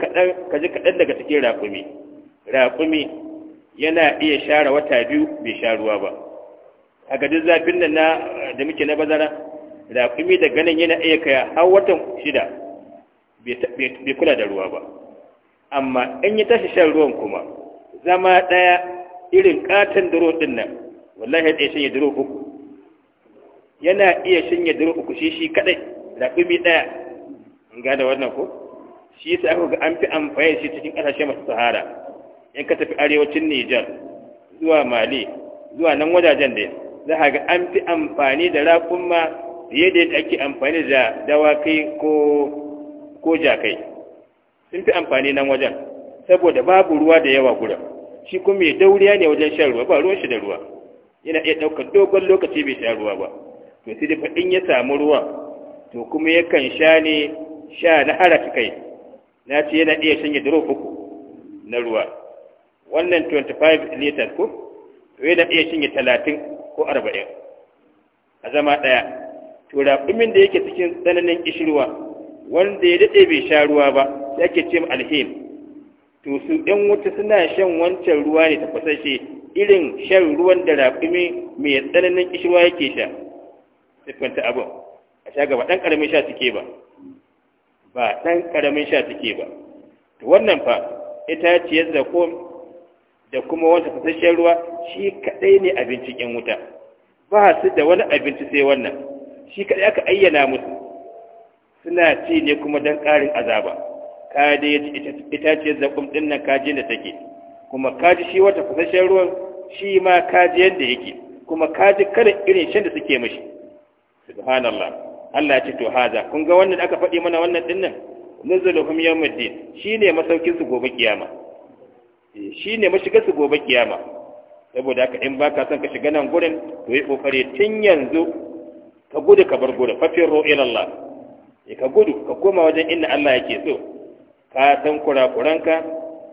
ka ji kaɗan daga cikin raƙumi raƙumi yana iya share wata biyu bai sha ruwa ba a gadin zafin nan na da muke na bazara raƙumi da ganin yana iya kaya har watan shida bai kula da ruwa ba amma in ya tashi shan ruwan kuma zama ɗaya irin ƙaton duro ɗin nan wallahi ya ɗaya shanye duro uku yana iya shanye duro uku shi shi kaɗai raƙumi ɗaya in gada wannan ko shi yasa aka ga an fi amfani shi cikin ƙasashe masu sahara in ka tafi arewacin Nijar zuwa Mali zuwa nan wajajen da za ka ga an fi amfani da raƙumma fiye da yadda ake amfani da dawakai ko ko jakai sun fi amfani nan wajen saboda babu ruwa da yawa guda shi kuma mai dauriya ne wajen shan ruwa ba ruwan shi da ruwa yana iya ɗaukar dogon lokaci bai sha ruwa ba to sai fa in ya samu ruwa to kuma yakan sha ne sha na harafi kai na ce yana iya shanye duro uku na ruwa wannan 25 liters ko yana iya shanye 30 ko 40 a zama ɗaya turaɓumin da yake cikin tsananin ƙishirwa wanda ya daɗe bai sha ruwa ba sai ake ce alhim to su ɗan wuta suna shan wancan ruwa ne tafasashe irin shan ruwan da raƙumi mai tsananin ƙishirwa yake sha siffanta abin a sha gaba ɗan ƙaramin sha suke ba ba ɗan ƙaramin sha take ba to wannan fa ita ciyar da ko da kuma wata fasashen ruwa shi kaɗai ne abincin ƴan wuta ba su da wani abinci sai wannan shi kaɗai aka ayyana musu suna ci ne kuma don ƙarin azaba ka dai ita ciyar da kum ɗin nan kaji da take kuma kaji shi wata fasashen ruwan shi ma kaji yadda yake kuma kaji kada irin shan da suke mashi subhanallah Allah ya ce to haza kun ga wannan aka faɗi mana wannan dinnan nuzuluhum yawmiddin shine masaukin su gobe kiyama eh, shine mashigar su gobe kiyama saboda haka in baka son ka shiga nan gurin to yi kokari tun yanzu ka gudu ka bar gurin fafirru ila Allah eh, ka gudu ka koma wajen inda Allah yake so ka san kurakuranka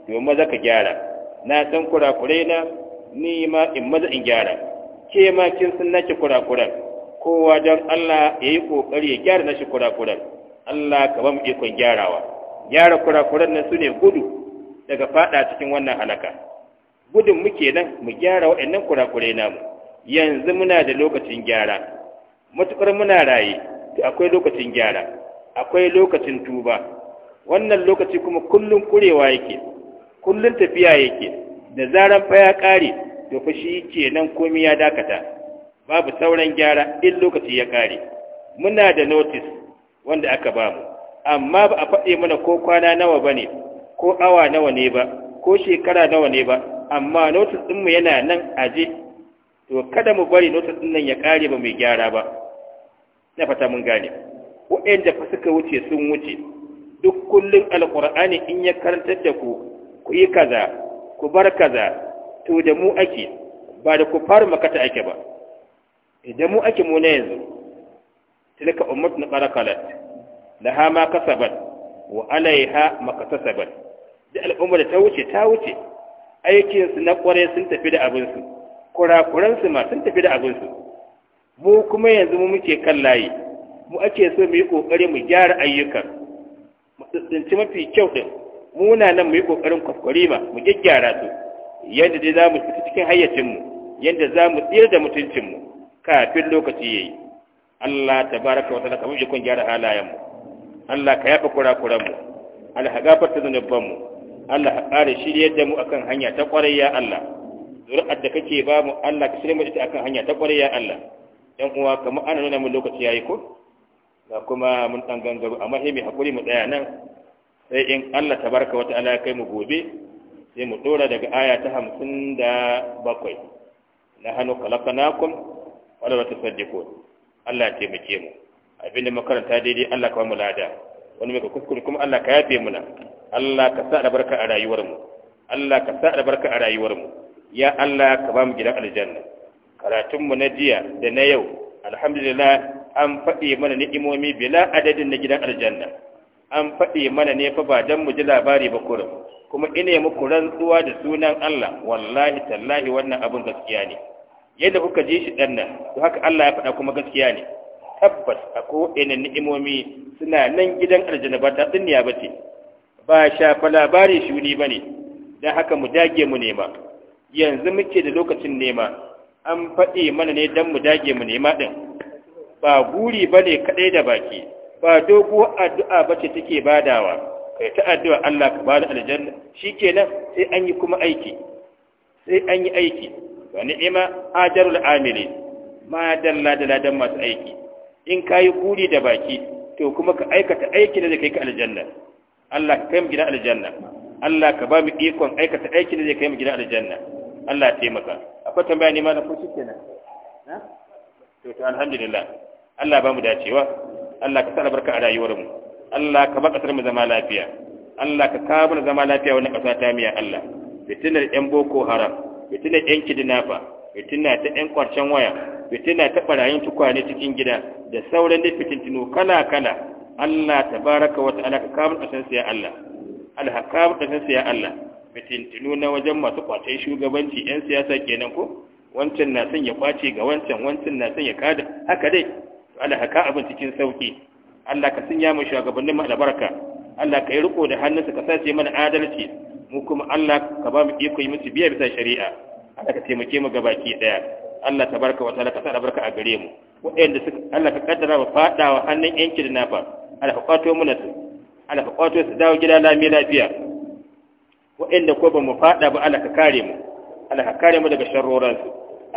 to maza ka gyara na san kurakurai na ni ma in maza in gyara ke ma kin san nake kurakuran kowa don Allah ya yi ƙoƙari ya gyara nashi kurakuran Allah ka ba mu ikon gyarawa gyara kurakuran nan su ne gudu daga faɗa cikin wannan halaka gudun muke nan mu gyara waɗannan kurakurai namu yanzu muna da lokacin gyara matuƙar muna raye akwai lokacin gyara akwai lokacin tuba wannan lokaci kuma kullum kurewa yake kullum tafiya yake da zaran fa ya ƙare to fa shi kenan komai ya dakata babu sauran gyara in lokaci ya kare muna da notice wanda aka bamu. amma ba a faɗe mana ko kwana nawa ba ne ko awa nawa ne ba ko shekara nawa ne ba amma notice ɗinmu yana nan aje to kada mu bari notice ɗin nan ya kare ba mai gyara ba na fata mun gane waɗanda fa suka wuce sun wuce duk kullum alƙur'ani in ya karantar da ku ku yi kaza ku bar kaza to da mu ake ba da ku fara makata ake ba idan mu ake muna yanzu tilka ummatun barakalat laha ma kasabat wa alaiha ma kasabat da al'umma da ta wuce ta wuce aikin su na kware sun tafi da abin su kurakuran su ma sun tafi da abin su mu kuma yanzu mu muke kan layi mu ake so mu yi kokari mu gyara ayyukan mu tsinci mafi kyau din muna nan mu yi kokarin kwaskwari ma mu gyaggyara su yadda dai za mu fita cikin hayyacinmu yadda za mu tsira da mutuncinmu kafin lokaci yayi Allah tabaraka wa ta'ala kamar ikon gyara halayen mu Allah ka yafa kurakuran mu Allah ka gafarta zanubban mu Allah ka kare shiryar da mu akan hanya ta kwarai ya Allah zuri'ar da kake ba mu Allah ka shirya mu ita akan hanya ta kwarai ya Allah yan uwa kamar ana nuna mu lokaci yayi ko ga kuma mun dan gangaro amma sai hakuri mu tsaya nan sai in Allah tabaraka wa ta'ala kai mu gobe sai mu dora daga aya ta 57 nahnu khalaqnakum wala tasaddiqun Allah ya taimake mu da makaranta daidai Allah ka ba mu lada wani mai kuskure kuma Allah ka yafe muna Allah ka sa albarka a rayuwar mu Allah ka sa albarka a rayuwar mu ya Allah ka ba mu gidan aljanna karatun mu na jiya da na yau alhamdulillah an faɗi mana ni'imomi bila adadin na gidan aljanna an faɗi mana ne fa ba dan mu ji labari ba kurum kuma ina muku rantsuwa da sunan Allah wallahi tallahi wannan abun gaskiya ne yadda kuka ji shi ɗan nan to haka Allah ya faɗa kuma gaskiya ne tabbas a kowane ni'imomi suna nan gidan aljanna ba ta duniya ba ce ba shafa labari shuni ba ne don haka mu dage mu nema yanzu muke da lokacin nema an faɗi mana ne don mu dage mu nema ɗin ba guri ba ne kaɗai da baki ba doguwar addu'a ba ce take badawa kai ta addu'a Allah ka bada aljanna shi kenan sai an yi kuma aiki sai an yi aiki wa ni'ima ajarul amili ma dalla da ladan masu aiki in kayi kuri da baki to kuma ka aikata aiki da zai kai ka aljanna Allah ka kai mu gida aljanna Allah ka ba mu ikon aikata aiki da zai kai mu gida aljanna Allah ya taimaka akwai tambaya ne ma na ko kenan ha to to alhamdulillah Allah ba mu dacewa Allah ka sa albarka a rayuwarmu Allah ka ba kasar mu zama lafiya Allah ka kawo mu zama lafiya wannan kasa ta miya Allah fitinar 'yan boko haram fitina ɗan kidnafa fitina ta ɗan kwarcen waya fitina ta ɓarayin tukwane cikin gida da sauran da fitintinu kala kala Allah tabaraka wa ta'ala ka kamun asan ya Allah Allah kamun asan ya Allah fitintinu na wajen masu kwace shugabanci ƴan siyasa kenan ko wancan na son ya kwace ga wancan wancan na son ya kada haka dai Allah ka abin cikin sauki Allah ka sanya mu shugabannin mu albarka Allah ka yi riko da hannunsa ka sace mana adalci mu kuma Allah ka ba mu iko yi musu biya bisa shari'a Allah ka taimake mu gabaki daya Allah tabaraka wa ta'ala ka sa albarka a gare mu waɗanda suka Allah ka kaddara wa fadawa hannun yanki da nafa Allah ka kwato mu su Allah ka kwato su dawo gida lami lafiya waɗanda ko ba mu fada ba Allah ka kare mu Allah ka kare mu daga sharroran su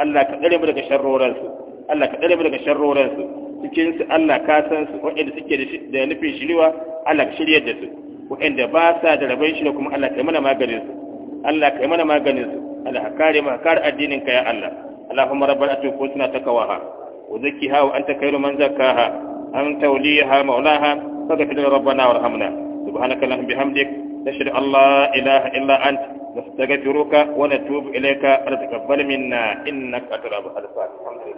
Allah ka kare mu daga sharroran su Allah ka kare mu daga sharroran su cikin su Allah ka san su waɗanda suke da nufin shiriwa Allah ka shiryar da su waɗanda ba sa da rabai shi da kuma Allah kai mana maganin su Allah kai mana maganin su Allah kare ma kare addinin ka ya Allah Allahumma rabbana atina husna taqwaha wa zakkiha wa anta khairu man zakkaha anta waliyaha maulaha faghfir lana rabbana warhamna subhanaka allahumma bihamdik nashhadu an la ilaha illa anta nastaghfiruka wa natubu ilayka arzuqabbal minna innaka atalab al-fatih